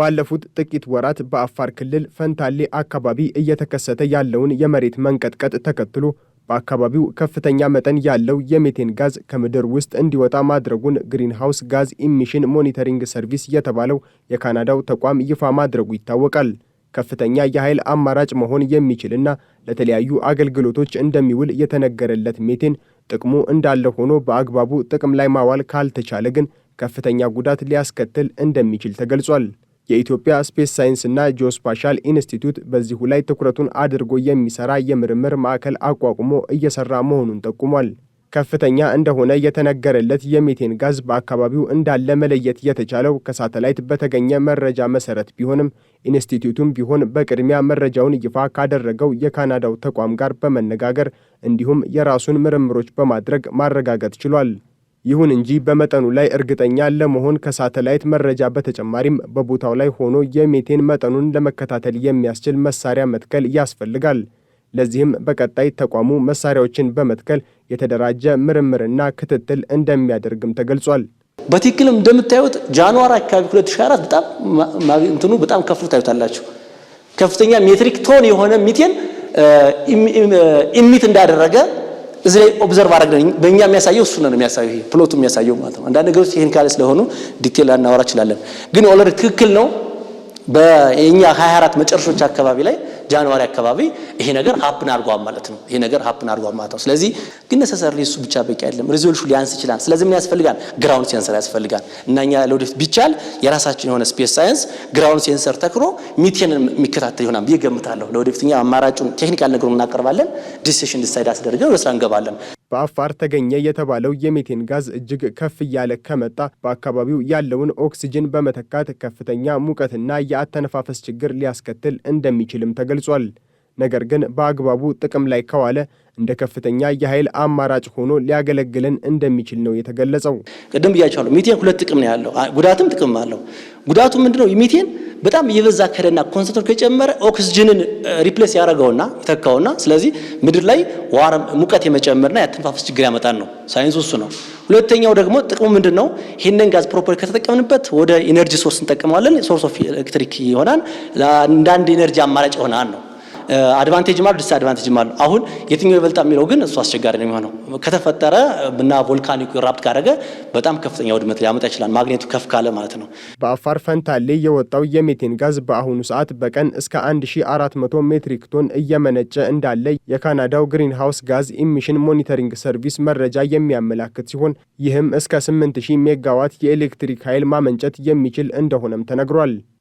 ባለፉት ጥቂት ወራት በአፋር ክልል ፈንታሌ አካባቢ እየተከሰተ ያለውን የመሬት መንቀጥቀጥ ተከትሎ በአካባቢው ከፍተኛ መጠን ያለው የሜቴን ጋዝ ከምድር ውስጥ እንዲወጣ ማድረጉን ግሪንሃውስ ጋዝ ኢሚሽን ሞኒተሪንግ ሰርቪስ የተባለው የካናዳው ተቋም ይፋ ማድረጉ ይታወቃል። ከፍተኛ የኃይል አማራጭ መሆን የሚችልና ለተለያዩ አገልግሎቶች እንደሚውል የተነገረለት ሜቴን ጥቅሙ እንዳለ ሆኖ በአግባቡ ጥቅም ላይ ማዋል ካልተቻለ ግን ከፍተኛ ጉዳት ሊያስከትል እንደሚችል ተገልጿል። የኢትዮጵያ ስፔስ ሳይንስ እና ጂኦስፓሻል ኢንስቲትዩት በዚሁ ላይ ትኩረቱን አድርጎ የሚሰራ የምርምር ማዕከል አቋቁሞ እየሰራ መሆኑን ጠቁሟል። ከፍተኛ እንደሆነ የተነገረለት የሜቴን ጋዝ በአካባቢው እንዳለ መለየት የተቻለው ከሳተላይት በተገኘ መረጃ መሰረት ቢሆንም ኢንስቲትዩቱም ቢሆን በቅድሚያ መረጃውን ይፋ ካደረገው የካናዳው ተቋም ጋር በመነጋገር እንዲሁም የራሱን ምርምሮች በማድረግ ማረጋገጥ ችሏል። ይሁን እንጂ በመጠኑ ላይ እርግጠኛ ለመሆን ከሳተላይት መረጃ በተጨማሪም በቦታው ላይ ሆኖ የሜቴን መጠኑን ለመከታተል የሚያስችል መሳሪያ መትከል ያስፈልጋል። ለዚህም በቀጣይ ተቋሙ መሳሪያዎችን በመትከል የተደራጀ ምርምርና ክትትል እንደሚያደርግም ተገልጿል። በትክክልም እንደምታዩት ጃንዋሪ አካባቢ 2024 በጣም እንትኑ በጣም ከፍሎ ታዩታላችሁ። ከፍተኛ ሜትሪክ ቶን የሆነ ሚቴን ኢሚት እንዳደረገ እዚ ላይ ኦብዘርቭ አድርገን በእኛ የሚያሳየው እሱ ነው የሚያሳየው፣ ይሄ ፕሎቱ የሚያሳየው ማለት ነው። አንዳንድ ነገሮች ይህን ካለ ስለሆኑ ዲቴል ላናወራ እንችላለን፣ ግን ኦልሬዲ ትክክል ነው። በእኛ 24 መጨረሾች አካባቢ ላይ ጃንዋሪ አካባቢ ይሄ ነገር ሀፕን አድርጓል ማለት ነው። ይሄ ነገር ሀፕን አድርጓል ማለት ነው። ስለዚህ ግን ነሰሰርሊ እሱ ብቻ በቂ አይደለም። ሪዞሉሽን ሊያንስ ይችላል። ስለዚህ ምን ያስፈልጋል? ግራውንድ ሴንሰር ያስፈልጋል። እና እኛ ለወደፊት ቢቻል የራሳችን የሆነ ስፔስ ሳይንስ ግራውንድ ሴንሰር ተክሮ ሚቴንን የሚከታተል ይሆናል ብዬ ገምታለሁ። ለወደፊት እኛ አማራጩን ቴክኒካል ነገሩን እናቀርባለን። ዲሲሽን ዲሳይድ አስደርገን ወደ ስራ እንገባለን። በአፋር ተገኘ የተባለው የሜቴን ጋዝ እጅግ ከፍ እያለ ከመጣ በአካባቢው ያለውን ኦክሲጅን በመተካት ከፍተኛ ሙቀትና የአተነፋፈስ ችግር ሊያስከትል እንደሚችልም ተገልጿል። ገልጿል። ነገር ግን በአግባቡ ጥቅም ላይ ከዋለ እንደ ከፍተኛ የኃይል አማራጭ ሆኖ ሊያገለግለን እንደሚችል ነው የተገለጸው። ቅድም ብያቸዋለሁ። ሚቴን ሁለት ጥቅም ነው ያለው፣ ጉዳትም ጥቅም አለው። ጉዳቱ ምንድነው? ሚቴን በጣም የበዛ ከደና ኮንሰንትሬት ከጨመረ ኦክስጅንን ሪፕሌስ ያደረገውና የተካውና ስለዚህ ምድር ላይ ዋርም ሙቀት የመጨመርና ያተንፋፈስ ችግር ያመጣል ነው ሳይንሱ እሱ ነው። ሁለተኛው ደግሞ ጥቅሙ ምንድን ነው? ይህንን ጋዝ ፕሮፐር ከተጠቀምንበት ወደ ኢነርጂ ሶርስ እንጠቀመዋለን። ሶርስ ኦፍ ኤሌክትሪክ ይሆናል። ለአንዳንድ ኢነርጂ አማራጭ ይሆናል ነው አድቫንቴጅም አሉ ዲስአድቫንቴጅም አሉ። አሁን የትኛው ይበልጣ የሚለው ግን እሱ አስቸጋሪ ነው የሚሆነው። ከተፈጠረ እና ቮልካኒክ ራፕት ካደረገ በጣም ከፍተኛ ውድመት ሊያመጣ ይችላል፣ ማግኔቱ ከፍ ካለ ማለት ነው። በአፋር ፈንታሌ የወጣው የሜቴን ጋዝ በአሁኑ ሰዓት በቀን እስከ 1400 ሜትሪክ ቶን እየመነጨ እንዳለ የካናዳው ግሪንሃውስ ጋዝ ኢሚሽን ሞኒተሪንግ ሰርቪስ መረጃ የሚያመላክት ሲሆን ይህም እስከ 8000 ሜጋዋት የኤሌክትሪክ ኃይል ማመንጨት የሚችል እንደሆነም ተነግሯል።